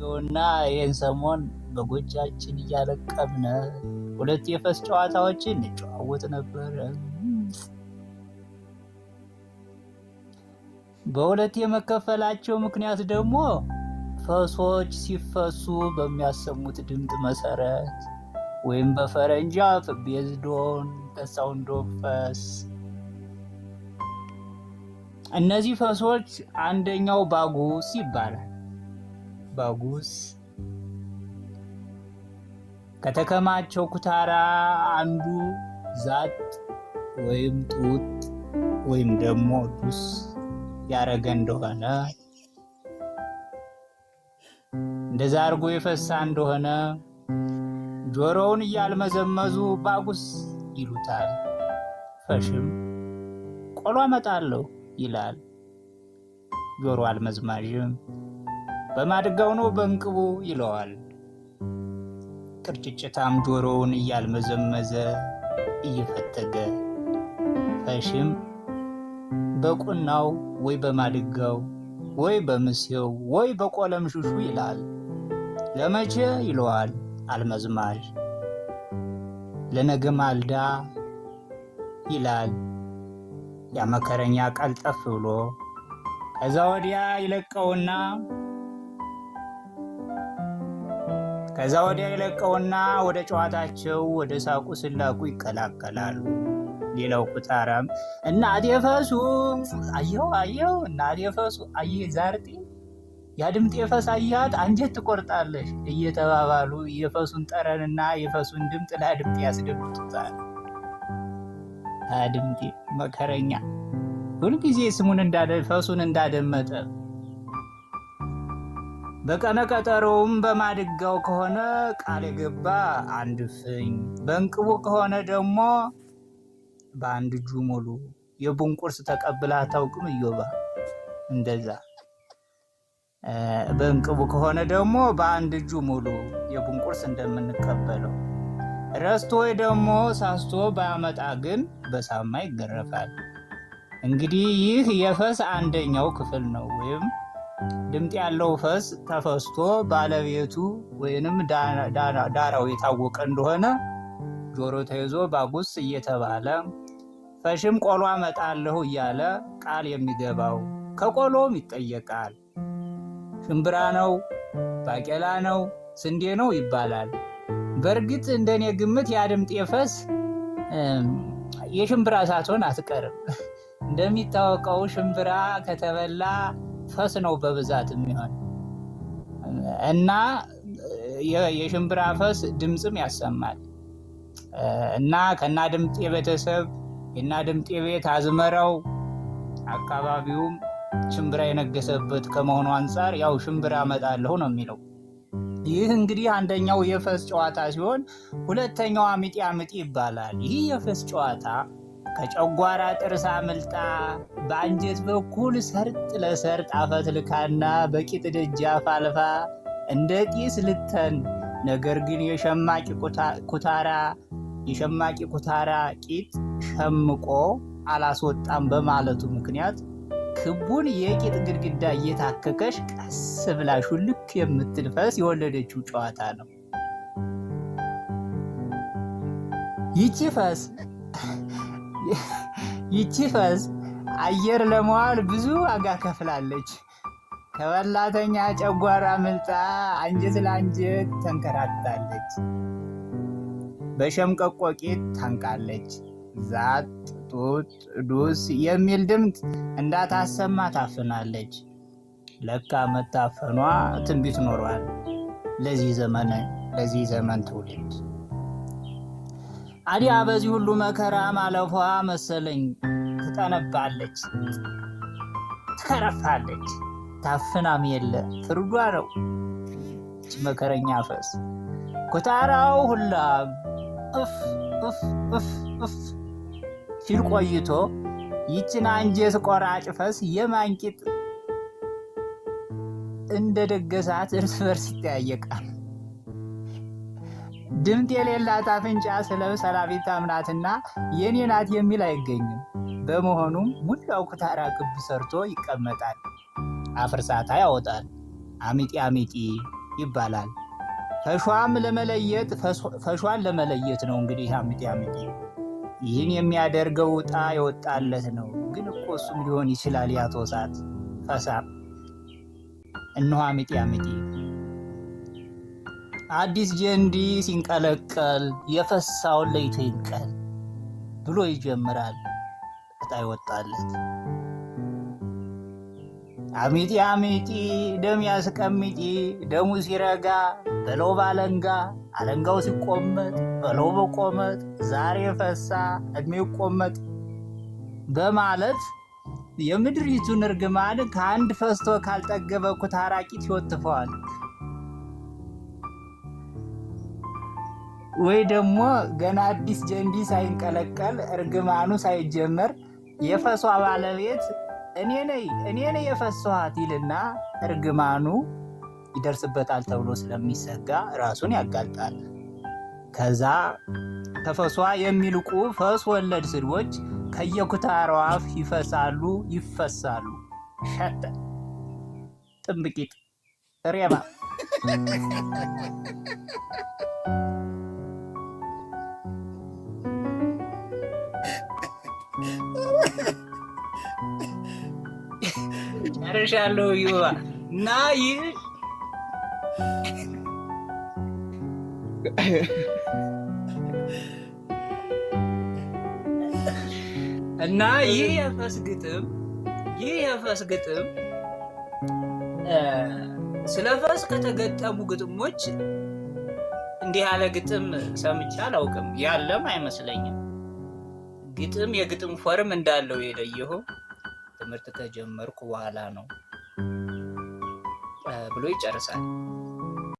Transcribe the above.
አድርገውና ይህን ሰሞን በጎጃችን እያለቀምነ ሁለት የፈስ ጨዋታዎችን እንጨዋወት ነበረ። በሁለት የመከፈላቸው ምክንያት ደግሞ ፈሶች ሲፈሱ በሚያሰሙት ድምፅ መሰረት ወይም በፈረንጅ አፍ ቤዝዶን ፈስ እነዚህ ፈሶች አንደኛው ባጉስ ይባላል። ባጉስ ከተከማቸው ኩታራ አንዱ ዛጥ ወይም ጡት ወይም ደግሞ ዱስ ያረገ እንደሆነ እንደዛ አርጎ የፈሳ እንደሆነ ጆሮውን እያልመዘመዙ ባጉስ ይሉታል። ፈሽም ቆሎ አመጣለሁ ይላል። ጆሮ አልመዝማዥም በማድጋው ነው በእንቅቡ ይለዋል። ቅርጭጭታም ጆሮውን እያልመዘመዘ እየፈተገ ፈሽም በቁናው ወይ በማድጋው ወይ በምሴው ወይ በቆለም ሹሹ ይላል። ለመቼ ይለዋል አልመዝማዥ። ለነገ ማልዳ ይላል ያመከረኛ ቀልጠፍ ብሎ ከዛ ወዲያ ይለቀውና ከዛ ወዲያ ለቀውና ወደ ጨዋታቸው ወደ ሳቁ ስላቁ ይቀላቀላሉ። ሌላው ቁጣራም እናቴ ፈሱ አየው አየው እናቴ ፈሱ አየ ዛርጤ የአድምጤ ፈስ አያት አንጀት ትቆርጣለሽ እየተባባሉ የፈሱን ጠረንና የፈሱን ድምጥ ለአድምጤ ያስደምጡታል። አድምጤ መከረኛ ሁልጊዜ ስሙን ፈሱን እንዳደመጠ በቀነ ቀጠሮውም በማድጋው ከሆነ ቃል የገባ አንድ ፍኝ በእንቅቡ ከሆነ ደግሞ በአንድ እጁ ሙሉ። የቡን ቁርስ ተቀብላ አታውቅም እዮባ እንደዛ። በእንቅቡ ከሆነ ደግሞ በአንድ እጁ ሙሉ የቡን ቁርስ እንደምንቀበለው ረስቶ ወይ ደግሞ ሳስቶ ባያመጣ ግን በሳማ ይገረፋል። እንግዲህ ይህ የፈስ አንደኛው ክፍል ነው ወይም ድምጥ ያለው ፈስ ተፈስቶ ባለቤቱ ወይንም ዳራው የታወቀ እንደሆነ ጆሮ ተይዞ ባጉስ እየተባለ ፈሽም ቆሎ አመጣለሁ እያለ ቃል የሚገባው ከቆሎም ይጠየቃል። ሽምብራ ነው፣ ባቄላ ነው፣ ስንዴ ነው ይባላል። በእርግጥ እንደኔ ግምት ያድምጤ ፈስ የሽምብራ ሳትሆን አትቀርም። እንደሚታወቀው ሽምብራ ከተበላ ፈስ ነው በብዛት የሚሆን እና የሽምብራ ፈስ ድምፅም ያሰማል እና ከና ድምጤ ቤተሰብ የና ድምጤ ቤት አዝመራው አካባቢውም ሽምብራ የነገሰበት ከመሆኑ አንጻር ያው ሽምብራ እመጣለሁ ነው የሚለው። ይህ እንግዲህ አንደኛው የፈስ ጨዋታ ሲሆን አምጤ አምጤ ይባላል። ይህ የፈስ ጨዋታ ከጨጓራ ጥርስ አምልጣ በአንጀት በኩል ሰርጥ ለሰርጥ አፈትልካና በቂጥ ደጃፍ አልፋ እንደ ጢስ ልተን ነገር ግን የሸማቂ ኩታራ የሸማቂ ኩታራ ቂጥ ሸምቆ አላስወጣም በማለቱ ምክንያት ክቡን የቂጥ ግድግዳ እየታከከሽ ቀስ ብላሹ ልክ የምትልፈስ የወለደችው ጨዋታ ነው። ይቺ ፈስ ይቺ ፈዝ አየር ለመዋል ብዙ ዋጋ ከፍላለች። ከበላተኛ ጨጓራ ምልጣ አንጀት ለአንጀት ተንከራታለች። በሸምቀቆ ቂጥ ታንቃለች። ዛጥ ጡጥ ዱስ የሚል ድምፅ እንዳታሰማ ታፍናለች። ለካ መታፈኗ ትንቢት ኖሯል ለዚህ ዘመን ለዚህ ዘመን ትውልድ አዲያ በዚህ ሁሉ መከራ ማለፏ መሰለኝ ትጠነባለች፣ ትከረፋለች፣ ታፍናም የለ ፍርዷ ነው መከረኛ ፈስ ኮታራው ሁላ እፍ እፍ እፍ እፍ ሲል ቆይቶ ይችን አንጀት ቆራጭ ፈስ የማንቂጥ እንደ ደገሳት እርስ በርስ ይጠያየቃል። ድምጥ የሌላት አፍንጫ ስለ ሰላቢታ እምናትና የኔ ናት የሚል አይገኝም። በመሆኑም ሙላው ኩታራ ክብ ሰርቶ ይቀመጣል። አፍርሳታ ያወጣል። አሚጢ አሚጢ ይባላል። ፈሿም ለመለየት ፈሿን ለመለየት ነው እንግዲህ አሚጢ አሚጢ። ይህን የሚያደርገው ዕጣ የወጣለት ነው። ግን እኮ እሱም ሊሆን ይችላል ያቶ ሳት ፈሳም እነሆ አሚጢ አሚጢ አዲስ ጀንዲ ሲንቀለቀል የፈሳውን ለይቶ ይንቀል ብሎ ይጀምራል። እጣ ይወጣለት አሚጢ አሚጢ ደም ያስቀሚጢ ደሙ ሲረጋ በለው ባለንጋ አለንጋው ሲቆመጥ በለው በቆመጥ ዛሬ ፈሳ እድሜ ይቆመጥ በማለት የምድሪቱን እርግማን ከአንድ ፈስቶ ካልጠገበ ኩታራቂት ይወትፈዋል። ወይ ደግሞ ገና አዲስ ጀንዲ ሳይንቀለቀል እርግማኑ ሳይጀመር የፈሷ ባለቤት እኔ ነኝ እኔ ነኝ የፈሷት ይልና እርግማኑ ይደርስበታል ተብሎ ስለሚሰጋ ራሱን ያጋልጣል። ከዛ ተፈሷ የሚልቁ ፈስ ወለድ ስድቦች ከየኩታሯ አፍ ይፈሳሉ ይፈሳሉ። ሸጠ ጥንብቂጥ ሬባ ጨርሻለሁ። ይዋ እና ይህ እና ይህ የፈስ ግጥም ይህ የፈስ ግጥም ስለ ፈስ ከተገጠሙ ግጥሞች እንዲህ ያለ ግጥም ሰምቼ አላውቅም፣ ያለም አይመስለኝም። ግጥም የግጥም ፎርም እንዳለው የለየሁ ትምህርት ከጀመርኩ በኋላ ነው ብሎ ይጨርሳል።